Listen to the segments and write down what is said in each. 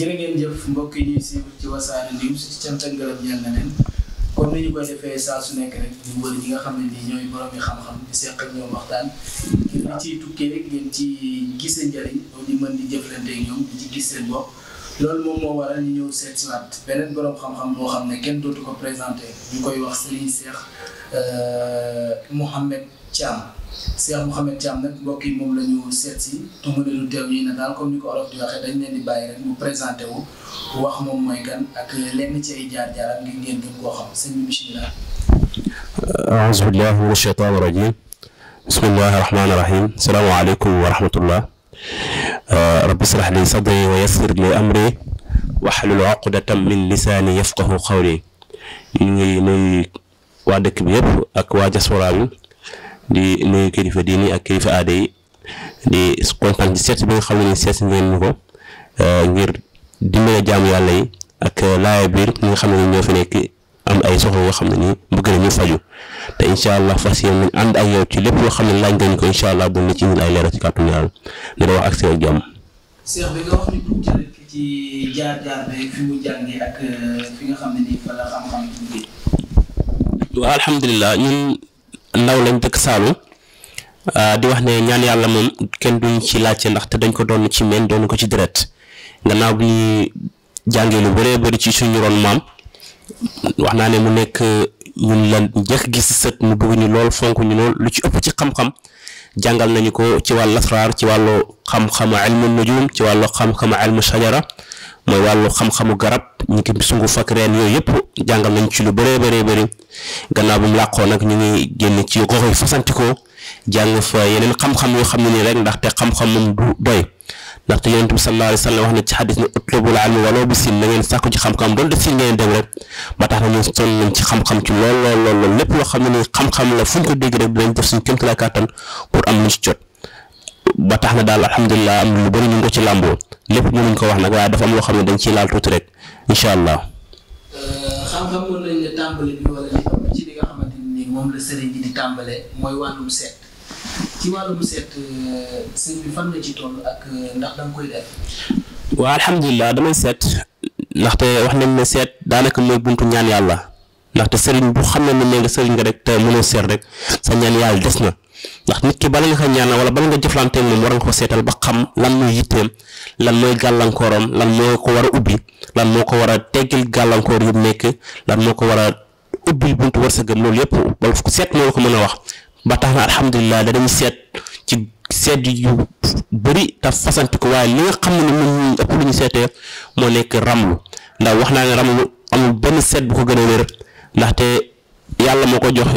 jërë ngeen jëf mbokk yi ñuy suivre ci Wassare News ci cant ak ngërëm ñeel na leen comme ni ñu koy defee saa su nekk rek di wër ñi nga xam ne ni ñooy borom yi xam-xam di seq ak ñoom waxtaan ngir li tukkee rek ngeen ci gisee njëriñ loolu di mën di jëflante ak ñoom ci gis seen bopp loolu moom moo waral ñu ñëw seet si beneen borom xam-xam boo xam ne kenn dootu ko présenté ñu koy wax Serigne Cheikh euh, Mouhamed Thiam. Cheikh Mouhamed Thiam nag mbokk moom la ñu seet si lu teew yi na daal comme ni ko olof di waxee dañ leen di mu présenté wu wax moom mooy kan ak lenn ci ay jaar-jaaram ngir ngeen gën koo xam sëñ bi bisimilah. aouzu billahi min ashaytaani rajim bismillahi rahmaani rahim salaamaaleykum wa rahmatullah uh, rabbi israh li sadri wa yassir li amri waxlul uqdatam min lisaani yafqahu qawli ñu ngi nuyu waa dëkk bi yëpp ak waa diaspora bi di nuyu kilifa diini ak kilifa aada yi di kontaan ci seet bi nga xam ne ni seet ngeen ñu ko eh, ngir dimbale jaamu yàlla yi ak laaya biir ñi nga xam ne ñoo fi nekk am ay soxla yoo xam ne nii bëgg na ñu faju te incha allah fas ci lépp loo xam ne laaj ngeen ko incha allah bu ne ci ñun ay leeral ci kàttu ñaar di la wax ak seen jàmm. Cheikh bi ndaw lañ dëkk Saalum ah, di wax ne ñaan yàlla moom kenn duñ ci laajte ndax te dañ ko doon ci meen doonu ko ci deret gannaaw bi ñuy jàngee lu bëree bëri ci suñu ron maam wax naa ne mu nekk ñun lan njëkk gis sët mu bëgg ñu lool fonk ñu lool lu ci ëpp ci xam-xam jàngal nañu ko ci wàll asraar ci wàllu xam-xamu ilmu nujum ci wàllu xam-xamu ilmu shajara mooy wàllu xam-xamu garab ñi ki sunguf ak reen yooyu yëpp jàngal nañ ci lu bëree bëree bëri gannaaw ba mu làqoo nag ñu ngi génn ci gox yi fasantikoo jàng fa yeneen xam-xam yoo xam ne nii rek ndaxte xam-xam moom du doy ndaxte na ci xadis ne utlubul ilma walaw bi sin na ngeen xam-xam doon def sin ngeen dem rek ba tax na ñun sonn ci xam-xam ci lool lool lool lépp yoo xam ne nii xam-xam la fu ñu ko dégg rek dinañ def suñ kéemtalaay kàttan pour am lu ci jot ba tax na daal alhamdulilah am lu bëri ñu ngi ko ci làmboo lépp mënuñ ko wax nag waaye dafa am xam ne dañ ciy laal allah. xam-xam mën nañ euh, euh, damay seet ndaxte wax nañ ne seet daanaka mooy buntu ñaan yàlla ndaxte sëriñ bu xam ne ne nga sëriñ nga rek te mënoo seet rek sa ñaan yàlla des na. ndax nit ki bala nga ko ñaanal wala bala nga jëflantee moom war nga ko seetal ba xam lan mooy yitteem lan mooy gàllankooram lan moo ko war a ubbi lan moo ko war a teggil gàllankoor yu nekk lan moo ko war a ubbi buntu war wërsëgam loolu yëpp wala seet moo ko mën a wax ba tax na alhamdulilah danañ seet ci seet yu bëri te fasanti ko waaye li xam ne moom seetee moo nekk ramlu ndax wax naa ne ramlu amul benn seet bu ko gën a wér ndaxte yàlla moo ko jox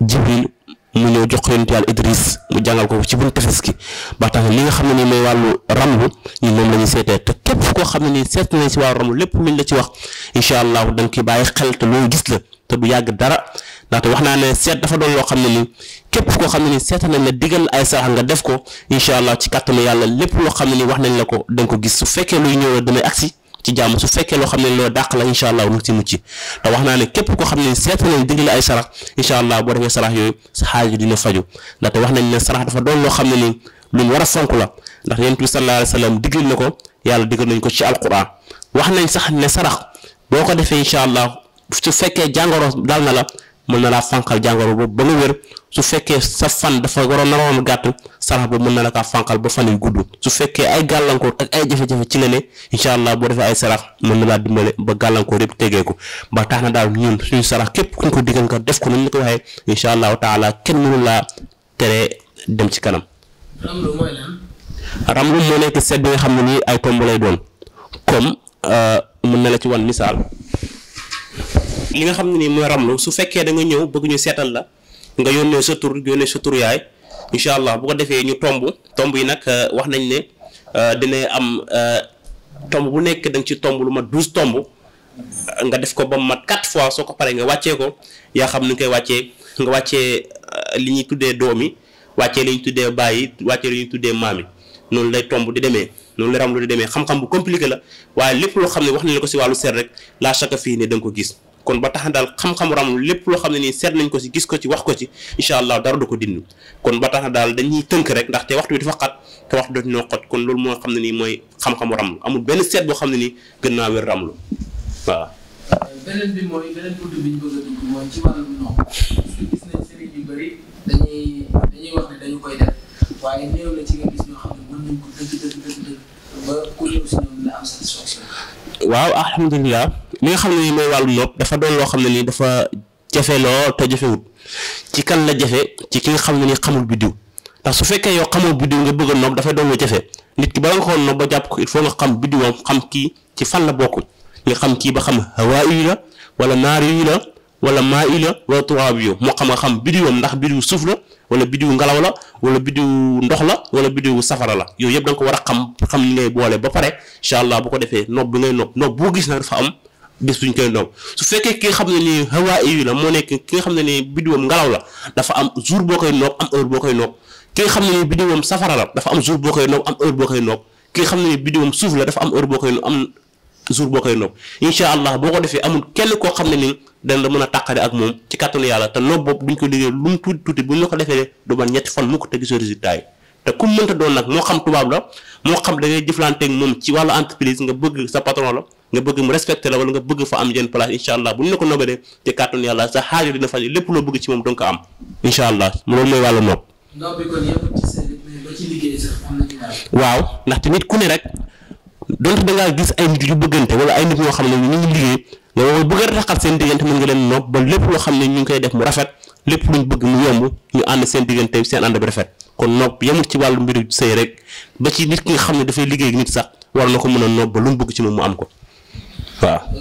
jibril mu ñëw jox ko yonent yàlla Idris mu jàngal ko ci buñ tefes gi ba tax li nga xam ne nii mooy wàllu ramlu ñun moom la ñuy seetee te képp koo xam ne nii seet nañ si wàllu ramlu lépp luñ la ci wax incha allah da nga bàyyi xel te gis la te du yàgg dara ndaxte wax naa ne seet dafa doon loo xam ne nii képp koo xam ne nii seet nañ la digal ay sarax nga def ko incha allah ci kàttanu yàlla lépp loo xam ne nii wax nañ la ko da ko gis su fekkee luy ñëw la damay agsi ci jàmm su fekkee loo xam ne loo dàq la incha allah nag ci mucc te wax naa ne képp koo xam ne seet nañ dig la ay sarax incha allah boo defee sarax yooyu sa xaaju dina faju ndaxte wax nañ ne sarax dafa doon loo xam ne ni lu mu war a fonk la ndax yonent bi sallallahu alayhi wa na ko yàlla digal nañ ko ci alquran wax nañ sax ne sarax boo ko defee incha allah su fekkee jàngoro dal na la mën na laa fànqal jàngoro boobu ba nga wér su fekkee sa fan dafa waroon na gàtt sarax boobu mën na la kaa fànqal ba fan gudd su fekkee ay gàllankoor ak ay jafe ci nga ne incha allah boo ay sarax mën na laa dimbale ba gàllankoor yëpp tegee ko ba tax na daal ñun suñu sarax képp kuñ ko digal nga def ko ni ko waxee incha allahu taala kenn mënu laa teree dem ci kanam. ramlu mooy moo nekk seet bi nga xam ne nii ay tomb lay doon comme euh, mën na la ci wan misaal. li nga xam ne nii mooy ramlu su fekkee da nga ñëw bëgg ñu seetal la nga yónnee sa tur yónnee sa tur yaay incha allah bu ko defee ñu tomb tomb yi nag euh, wax nañ ne euh, dina am euh, tomb bu nekk da nga ci tomb lu ma douze tomb nga def ko ba mat quatre fois soo ko paree nga wàccee ko yaa xam ni nga koy wàccee nga wàccee li ñuy tuddee doom yi wàccee li ñuy tuddee baay yi wàccee li ñuy tuddee maam yi noonu lay tomb di demee noonu la ramlu di demee xam-xam bu compliqué la waaye lépp loo xam ne wax nañ ko si wàllu seet rek laa chaque fii ne ko gis kon ba tax na daal xam-xamu ramlu lépp loo xam ne nii seet nañ ko ci gis ko ci wax ko ci incha allah dara du ko dindi kon ba tax na daal dañuy tënk rek ndaxte waxtu bi dafa xat te waxtu dootu noo xot kon loolu moo xam ne nii mooy xam-xamu amul benn seet xam ne nii gën naa wér ramlu waaw. beneen dañu koy def ba ku ñëw si waaw alhamdulilah li nga xam ne mooy wàllu nopp dafa doon loo xam ne nii dafa jafe lool te jafewut ci kan la jafe ci ki nga xam ne nii xamul biddiw ndax su fekkee yow xamul biddiw nga bëgg a nopp dafay doon jafe nit ki bala nga ko nopp ba jàpp ko il faut nga xam biddiwam xam kii ci fan la bokk nga xam kii ba xam hawaa la wala naar la wala maa i la wala turaab yu moo xam nga xam bidiwam ndax bidiw suuf la wala bidiw ngelaw la wala bidiw ndox la wala bidiw safara la yooyu yëpp nga ko war a xam xam ni boole ba pare incha allah bu ko defee nopp bi ngay nopp nopp boo gis na dafa am bés bu ñu koy nopp xam ne nii hawaa yu la moo nekk ki nga xam ne nii bidiwam ngelaw la dafa am jour boo koy nopp am heure boo koy nopp ki nga xam ne nii bidiwam safara la dafa am jour boo koy nopp am heure boo koy nopp ki nga xam ne nii bidiwam suuf la dafa am heure boo koy nopp am toujours boo koy nopp incha allah boo ko defee amul kenn koo xam ne ni dana mën a tàqale ak moom ci kàttanu yàlla te nopp boobu ko liggéey lu mu tuuti tuuti bu ñu ko defee du man ñetti fan mu te gisoo résultat te ku mënta doon nag moo xam tubaab la moo xam da ngay moom ci wàllu entreprise nga bëgg sa patron la nga bëgg mu respecté la wala nga bëgg fa am yenn place incha allah bu ñu la ko nobalee ci kàttanu yàlla sa xaajo dina donte da gis ay nit yu bëggante wala ay nit ñoo xam ne ñu ngi liggéey nga war a bëgg raxal seen diggante mën nga leen nopp ba lépp loo xam ne ñu ngi koy def mu rafet lépp luñ bëgg mu yomb ñu ànd seen diggante seen ànd bi rafet kon nopp yemul ci wàllu mbiru sëy rek ba ci nit ki nga xam ne dafay liggéey nit sax war na ko mën a nopp ba lu mu bëgg ci moom mu am ko waaw. Euh,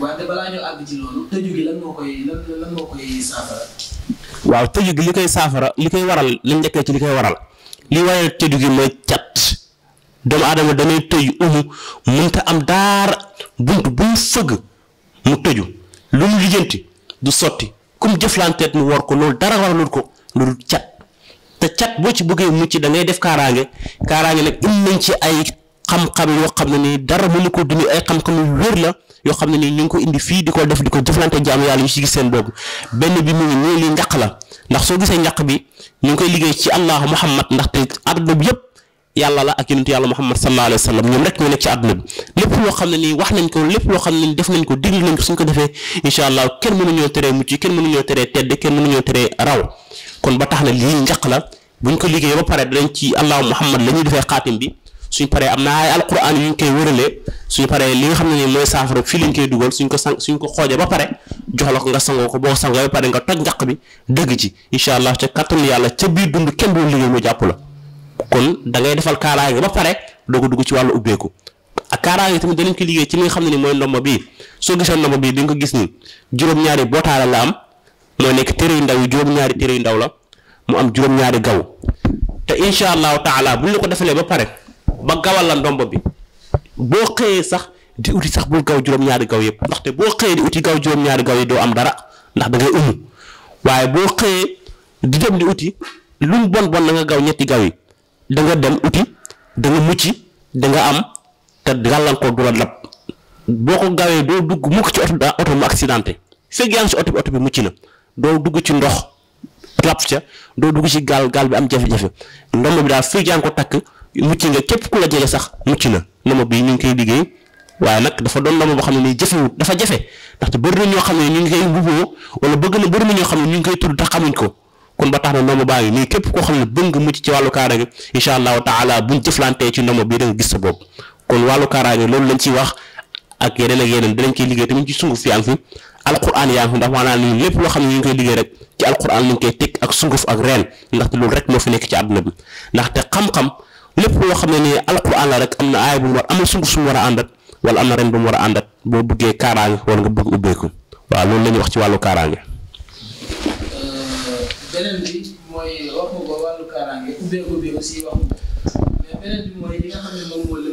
wante balaa waaw tëju gi li koy saafara li koy waral li njëkkee ci li koy waral li waral tëju gi mooy cat doomu aadama damay tëju umu mënta am daara bunt bu mu fëgg mu tëju lu mu lijjanti du sotti comme jëflanteet mu war ko loolu dara waralul ko lu dul cat te cat boo ci bëggee mucc da ngay def kaaraange kaaraange nag im nañ ci ay. xam-xam yoo xam ne nii dara mënu ko dund ay xam-xam yu wér la yoo xam ne nii ñu ngi ko indi fii di ko def di ko def jaamu yàlla yu ci gis seen bopp benn bi mu ngi nii la ndax soo gisee njaq bi ñu ngi koy liggéey ci allah muhammad ndaxte àdduna bi yëpp yàlla la ak yonentu yàlla muhammad sallallahu alayhi wa sallam ñoom rek ñoo nekk ci bi lépp loo xam ne nii wax nañ ko lépp loo xam ne nii def nañ ko diglu nañ ko suñ ko defee incha allah kenn mënuñoo teree mucc kenn mënuñoo teree tedd kenn mënuñoo teree raw kon ba tax na lii njaq la bu buñ ko liggéey ba pare dañ ci allah muhammad la ñuy defee xaatim bi suñ paree am na ay alquran yu ñu koy wëralee suñ paree li nga xam ne nii mooy saafara fii lañ koy dugal suñ ko sang suñu ko xoojee ba pare jox la ko nga sangoo ko boo sangoo ba pare nga toj njaq bi dégg ci incha allah ca kattan yàlla ca biir dund kenn du liggéey mu jàpp la kon da ngay defal kaaraange ba pare doo ko dugg ci wàllu ubbeeku ak kaaraange tamit danañ ko liggéey ci li nga xam ne ni mooy ndomba bii soo gisee ndomba bii di nga ko ni juróom-ñaari bootaala la moo nekk téere yu ndaw juróom-ñaari téere yu ndaw la mu am juróom-ñaari gaw te incha allahu taala buñ la ko defalee ba pare ba gawal la ndomb bi boo xëyee sax di uti sax bul gaw juróom-ñaari gaw yëpp ndaxte boo xëyee di uti gaw juróom-ñaari gaw yi doo am dara ndax da ngay umu waaye boo xëyee di dem di uti lu bon bon na nga gaw ñetti gaw yi danga dem uti danga nga mucc da am te gàllankoor du la dab boo ko gawee doo dugg mukk ci oto oto mu accidenté fekk bi mucc na doo dugg ci ndox jàpp ca doo dugg ci gaal gaal bi am jafe-jafe ndomb bi daal fekk yaa ngi ko takk. mucc nga képp ku la jege sax mucc na lama bii ñu ngi koy liggéey waaye nag dafa doon lama boo xam ne nii jafewut dafa jafe ndaxte bëri na ñoo xam ne ñu ngi koy mbuboo wala bëgg na bëri ñoo xam ne ñu ngi koy tudd tax xamuñ ko kon ba tax na ndomu baa xam ne bëgg nga mucc ci wàllu kaaraange incha allahu taala buñ jëflantee ci ndomu bii da nga gis sa bopp kon wax ak yeneen ak yeneen dinañ koy liggéey tamit ci sunguf yaa ngi fi alquran yaa ngi fi ndax maanaam nii lépp loo xam ne ñu ngi koy liggéey rek ci alquran lañ koy teg ak sunguf ak reen ndaxte loolu rek moo fi nekk ci àdduna bi ndaxte xam-xam lépp loo xam ne nii alquran la rek am na aay bu mu war am na sunguf su war a àndat wala am na ren bu mu war a àndat boo bëggee kaaraange wala nga bëgg ubbeeku waaw loolu wax ci wàllu euh, nga li nga xam ne moo euh,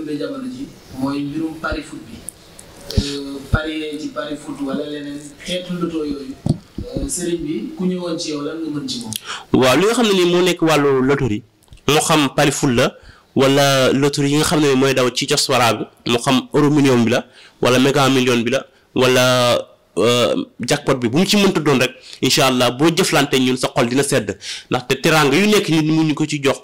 euh, nii moo nekk wàllu loterie moo xam pari foot la. wala loterie yi nga xam ne mooy daw ci diaspora bi mu xam euro million bi la wala méga million bi la wala euh, jackpot bi bu mu ci mënta doon rek incha allah boo jëflante ñun sa xol dina sedd ndaxte teraanga yu nekk nit mun ñu ko ci jox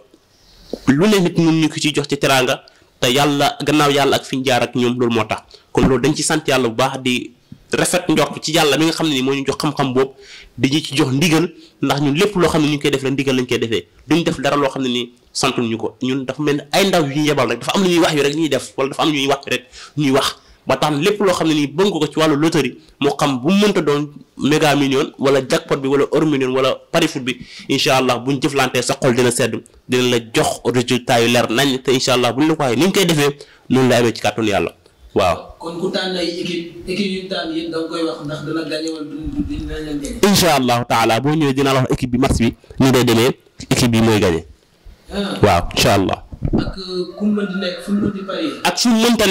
lu ne nit mun ñu ko ci jox ci teraanga te yàlla gannaaw yàlla ak fi ñu jaar ak ñoom loolu moo tax kon loolu dañ ci sant yàlla bu baax di. rafet njort ci yàlla mi nga xam ne ni moo ñu jox xam-xam boobu dañu ci jox ndigal ndax ñun lépp loo xam ne ñu koy def la lañ koy defee duñ def dara loo xam ne ni santul ñu ko ñun dafa mel ni ay ndaw yu ñu yebal dafa lu ñuy wax yu rek ñuy def wala dafa ñuy wax rek ñuy wax ba tax lépp loo xam ne nii bëgg ko ci wàllu loterie moo xam bu mu mënta doon méga million wala jackpot bi wala euro million wala pari foot bi incha allah buñ jëflantee sa xol dina sedd dina la jox résultat yu leer nañ te incha allah ni ñu koy defee noonu la amee ci kàttanu yàlla waaw kon ku tànn ay boo ñëwee dinaa la wax équipe bi match bi ñu demee bi mooy gagné. Ah. waaw incha allah. ak ku euh, mu mën di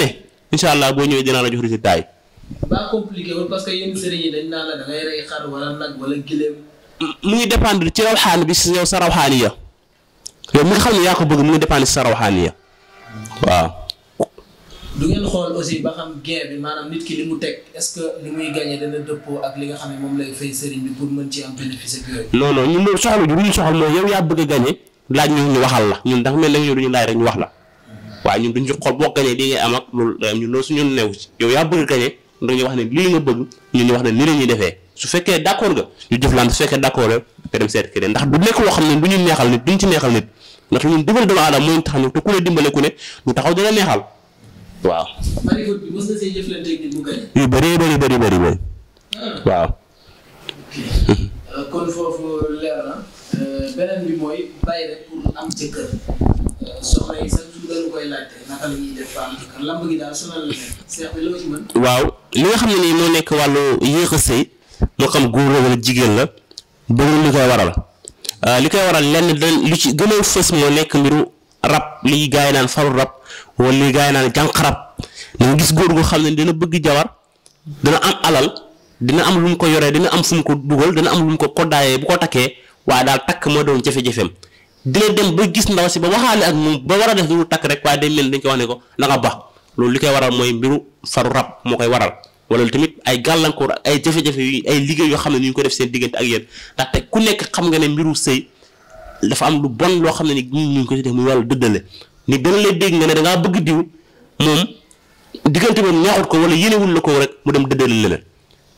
nekk allah boo ñëwee dinaa la jox résultat yi. mu ngi dépendre ci rawxaan bi yow sa rawxaani ya yow mi xam ne yaa ko bëgg mu ngi dépendre ci sa rawxaani ya waaw. du ngeen xool aussi ba xam gain bi maanaam nit ki li mu teg est-ce que li muy gagné dana dëppoo ak li nga xam ne moom lay fay sëriñ bi pour mën ci am bénéfice ak yooyu. non non ñun loolu soxla ju ñu soxla ñu ñu waxal la ñun ndax mel na ñun duñu laaj rek wax la waaye ñun duñ ci xool boo gagné lii ngay am ak loolu euh, ñun neew ci yow yaa bëgg a gagné ndax wax ne lii nga bëgg ñun ñu wax ne lii la ñuy defee fekkee d'accord nga ñu jëflante su fekkee d'accord nga dem seet keneen ndax du nekk loo xam ne du ñu neexal nit duñ ci neexal nit ndax ñun dimbal doomu aadama mooy tax ñu te ku ne dimbale ku ne lu taxaw dana neexal waaw. yu bëree ah. euh, euh, euh, li nga xam ne nii moo nekk wàllu yéex a sëy moo xam góor la jigéen la bëgg li koy waral li koy waral lenn dañ lu ci gën a fës moo nekk mbiru rab liy gaay naan faru rab. wala li gaa yi naan jànqarab da nga gis góor goo xam ne dina bëgg jabar dana am alal dina am lu mu ko yoree dina am fu mu ko dugal dina am lu mu ko koddaayee bu ko takkee waaye daal takk moo doon jafe-jafeem dina dem ba gis ndaw si ba waxaale ak moom ba war a def lu takk rek waaye day mel dañ ko wax ne ko na nga ba loolu li koy waral mooy mbiru faru rab moo koy waral wala tamit ay gàllankoor ay jafe-jafe yu ay liggéey yoo xam ne ñu ko def seen diggante ak yéen ndaxte ku nekk xam nga ne mbiru sëy dafa am lu bon loo xam ne ni ñu ngi ko ci def ni dana lay dégg nga ne da ngaa bëgg diw moom diggante moom ñaaxut ko wala yéenewul la ko rek mu dem dëddale la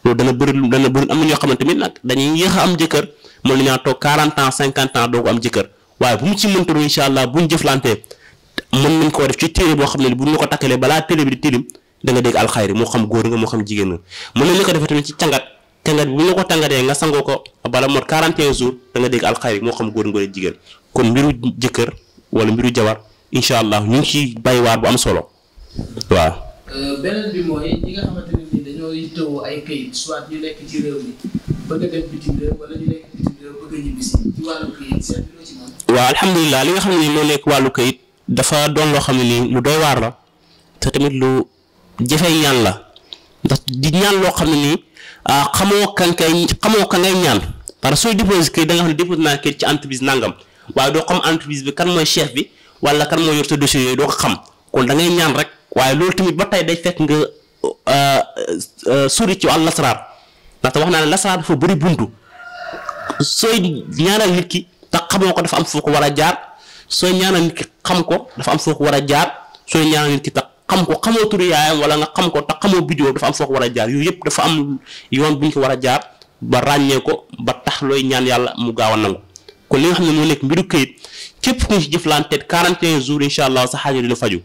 loolu dana bëri dana bëri am na ñoo xamante ni nag dañuy yéex am jëkkër moom la ñu toog 40 ans 50 am jëkkër waaye bu mu ci mënta doon incha allah bu mën nañ koo def ci téere boo xam ne bu ñu ko takkalee balaa téere bi di tilim nga dégg alxayri moo xam góor nga moo xam jigéen nga mën nañ la ko defee tamit ci cangat cangat bi bu ñu ko tàngatee nga sangoo ko bala mot 41 jours da nga dégg alxayri moo xam góor nga wala jigéen kon mbiru jëkkër wala mbiru jabar incha allah ñu ngi ciy bàyyi waar bu am solo euh, waaw. alhamdulilah li nga xam ne moo nekk wàllu kayit dafa doon loo xam ne nii lu doy waar la te tamit lu jafee ñaan la ndax di ñaan loo xam ne nii ah xamoo kan kay xamoo kan ngay ñaan parce que sooy déposé kayit da nga xam ne déposé naa kayit ci entreprise nangam waaye doo xam entreprise bi kan mooy chef bi. wala kan moo yor sa dossier yooyu doo ko xam kon da ngay ñaan rek waaye loolu tamit ba tey day fekk nga euh, euh, sori ci wàllu lasaraar ndaxte wax naa ne lasaraar dafa bëri buntu sooy ñaanal nit ki te xamoo ko dafa am foo ko war a jaar sooy ñaanal nit ki xam ko dafa am foo war a jaar sooy ñaanal nit ki xam ko xamoo turu yaayam wala nga xam ko te xamoo bidéo dafa am foo ko war a jaar yooyu yëpp dafa am yoon bu ko war a jaar ba ràññee ko ba tax looy ñaan yàlla mu gaaw a nangu. kon li nga xam ne moo nekk mbiru këyit képp ku ñu si jëflanteet 41 jours incha allah sa xaajo di la faju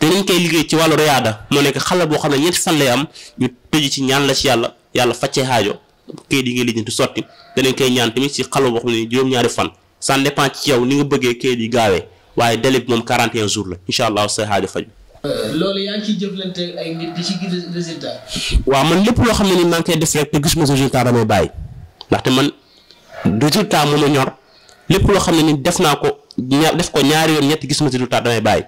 dinañ koy liggéey ci wàllu riyaada moo nekk xale boo xam ne ñetti fan lay am ñu tëj ci ñaan la ci yàlla yàlla faccee xaajo këyit yi ngay lijjanti sotti danañ koy ñaan tamit si xale boo xam fan ça dépend yow ni ñu bëggee këyit yi gaawee waaye délai bi moom 41 jours la incha allah sa xaajo faju euh, loolu yaa ngi ciy jëflante ay nit di ci gis résultat. waaw man lépp loo xam ne ni maa koy def rek gis ma résultat damay bàyyi ndaxte man résultat moom a ñor lépp loo xam ne ni def naa ko ñaa def ko ñaari yoon ñetti gis ma ci résultat damay bàyyi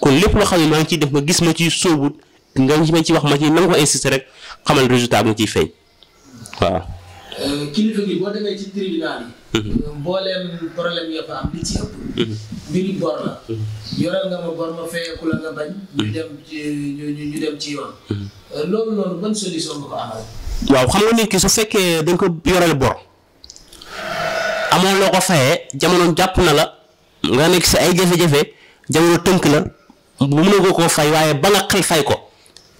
kon lépp loo xam ne maa ngi ciy def ma gis ma ciy sóobu nga ma ci wax ma ci nangu ko insister rek xamal résultat bi nga ciy feeñ waaw. Euh, kilifa gi mhm. euh, mhm. mhm. nga ma ci yoon. Euh, loolu noonu ban solution nga ko amal. waaw xam nga nit ki su fekkee dañ ko yorale bor. amoo loo ko fayee jamono jàpp na la nga nekk si ay jafe-jafe jamono tënk la mënoo ko koo fay waaye ba nga xel fay ko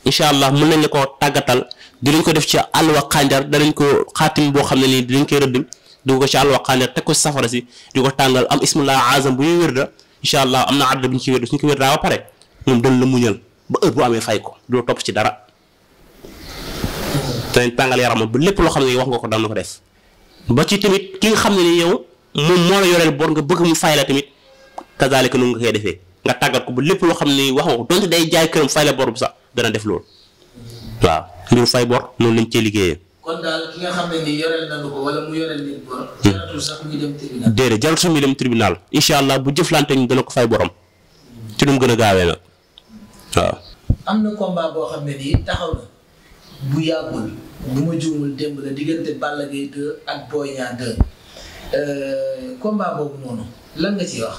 incha allah mun nañ la koo tàggatal di dinañ ko def ci àlluwa xànjar danañ ko xaatim boo xam ne nii dinañ koy rëdd dugg ko ci àlluwa xànjar teg ko si safara si di ko tàngal am ismullah azam bu ñuy wér da incha allah am na àdd bu ñu ci wér suñ ko wér daa ba pare moom dañ la muñal ba heure bu amee fay ko doo topp ci dara danañ tàngal yaramam bu lépp loo xam ne wax nga ko daan na ko def ba ci tamit ki nga xam ne ni yow moom moo la yoreel bor nga bëgg mu fay la tamit kazaalika noonu nga koy defee nga tàggat ko ba lépp loo xam ne wax nga ko donte day jaay këram fay sax dana def loolu fay bor noonu lañ cee liggéeyee. kon daal ki nga hmm. jaratul sax muy dem tribunal. déedéet allah bu jëflante ñu dana ko fay borom ci nu mu gën a gaawee nag waaw. bu ma juumul démb la diggante Balla Gaye 2 ak Boy Niang 2 euh, combat boobu noonu lan nga ciy wax.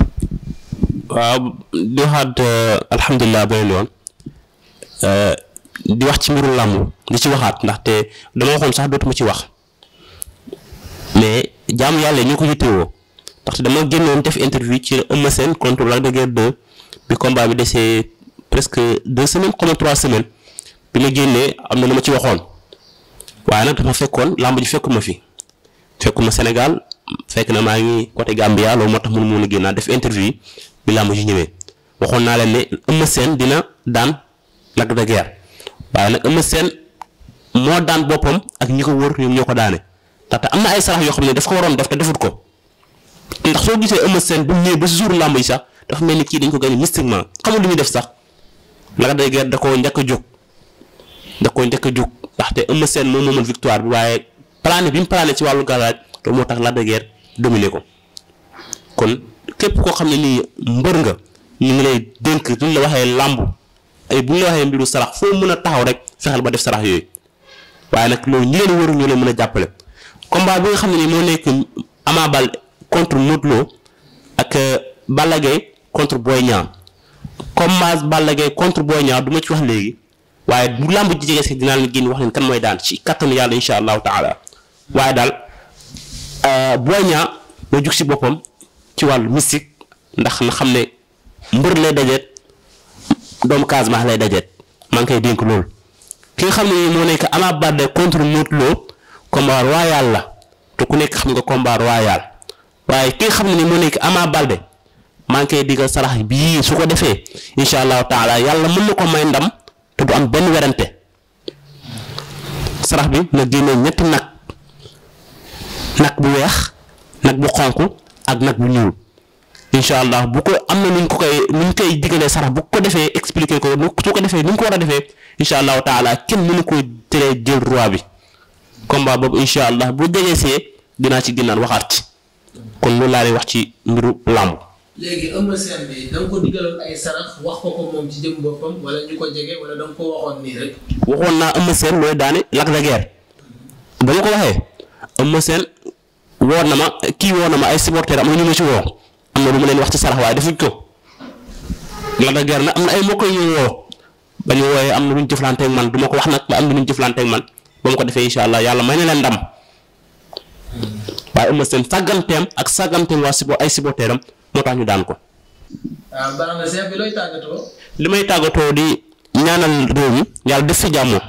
waaw di waxaat euh, alhamdulilah beneen yoon euh, di wax ci mbiru làmb di ci waxaat ndaxte dama waxoon sax dootuma ci wax mais jaamu yàlla ñu ko yittewoo ndaxte dama génnoon def interview ci Eumeu Sène contre Lac de Guiers 2 bi combat bi desee presque de semaines comme trois semaines bi ma génnee am na lu ma ci waxoon. waaye nag dafa fekkoon làmb ji fekkul ma fi fekkul ma Sénégal fekk na maa ngi côté Gambia loolu moo tax mënu moo a génnaat def interview bi làmb ji ñëwee waxoon naa leen ne Eumeu Sène dina daan Lac de Guiers waaye nag Eumeu seen moo daan boppam ak ñi ko wër ñoom ñoo ko daane ndaxte am na ay sarax yoo xam ne daf ko waroon def te defut ko ndax soo gisee Eumeu Sène bu ñëwee ba jour làmb yi sax dafa mel ni kii dañ ko gagné mystiquement xamul lu muy def sax Lac de Guiers da koo njëkk a jóg da koo njëkk a ndaxte Eumeu Sène moom moomoon victoire bi waaye plané bi mu plané ci wàllu galaaj loolu moo tax Lac de Guiers ko kon képp koo xam ne nii mbër nga ñu ngi lay dénk duñ la waxee làmb ay bu ñu la waxee mbiru sarax foo mën a taxaw rek fexeel ba def sarax yooyu waaye nag loolu ñu leen wëru ñoo leen mën a jàppale combat bi nga xam ne nii moo nekk Ama Baldé contre Modou ak euh, Balla Gaye contre Boy Niang combat Balla Gaye contre Boy ñaar duma ci wax léegi waaye bu làmb ji jege si dinaa leen génn wax leen kan mooy daan ci kattanu yàlla incha allahu taala waaye daal euh, Boy Niang moo jug si boppam ci wàllu mystique ndax na xam ne mbër lay dajeet doomu Casamance lay dajeet maa ngi koy dénk loolu. ki nga xam ne moo nekk Ama Baldé contre Modou Lo combat royal la te ku nekk xam nga combat royal waaye ki nga xam ne moo nekk Ama Baldé maa ngi koy digal sarax bii su ko defee incha allahu taala yàlla mën na ko may te du am benn werante sarax bi na génnee ñett nag nag bu weex nag bu xonq ak nag bu ñuul incha allah bu ko am na nuñ ko koy nuñ koy diggalee sarax bu ko defee expliquer ko nu su ko defee ni ko war a defee incha allahu taala kenn mënu koy teree jël roi bi combat boobu incha allah bu jege see dinaa ci ginnaan waxaat ci kon loolu laa lay wax ci mbiru làmb léegi Eumeu Sène bi da nga ko ay sarax wax ko ko moom ci jëm boppam wala ñu ko jege wala da ko waxoon nii rek. waxoon naa Eumeu Sène mooy daane Lac de Guiers ba ma ko waxee Eumeu Sène woon na ma kii woon na ma ay supporteurs am na ñu woo am leen wax ci sarax defuñ ko Lac de am na ay mbokk yu ñu woo ba ñu wooyee am na lu ñu jëflanteeg man du ko wax nag ba am na lu ñu jëflanteeg man ba ko defee incha allah yàlla may na leen ndam hmm. waaye Eumeu Sène sàgganteem ak sàgganteem waa ay supporteurs moo tax ñu daan ko. Ah, li may tàggatoo di ñaanal réew mi yàlla def fi jàmm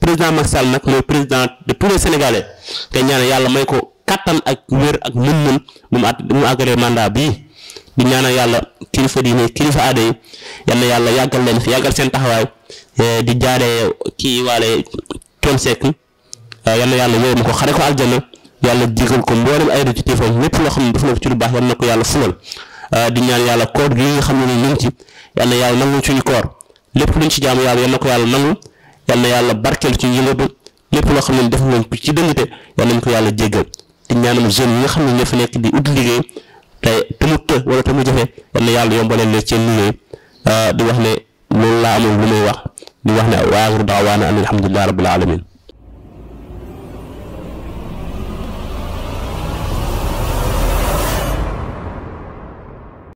président Macky nag mooy président de tous les sénégalais te ñaanal yàlla may ko kàttan ak wér ak mën-mën mu mu at mu agréé mandat bii di ñaanal yàlla kilifa diine kilifa aada yi yal na yàlla yàggal leen fi yàggal seen taxawaay eh, di jaaree kii waale Thione Seck eh, yal na yàlla wéy na ko xare ko ko mboolem ay rëcc ci téefam lépp loo xam ne def na ko ci lu baax yal na ko yàlla fulal. Euh, di ñaan yàlla koor gi nga xam ne ni ñu ngi ci yal na yàlla nangu suñu koor lépp luñ ci jaamu yàlla yal na ko yàlla nangu yal na yàlla barkeel ci yëngatu lépp loo xam ne def nañ ko ci dëngte yal nañ yàlla jéggal di ñaanam jeunes yi nga xam ne ñoo fi nekk di ut liggéey te te mu të wala te mu jafe yal na yàlla yombalal leen seen liggéey euh, di wax ne loolu laa amul lu muy wax di wax ne a aaxiru daawaana an alhamdulillahi rabbil alamin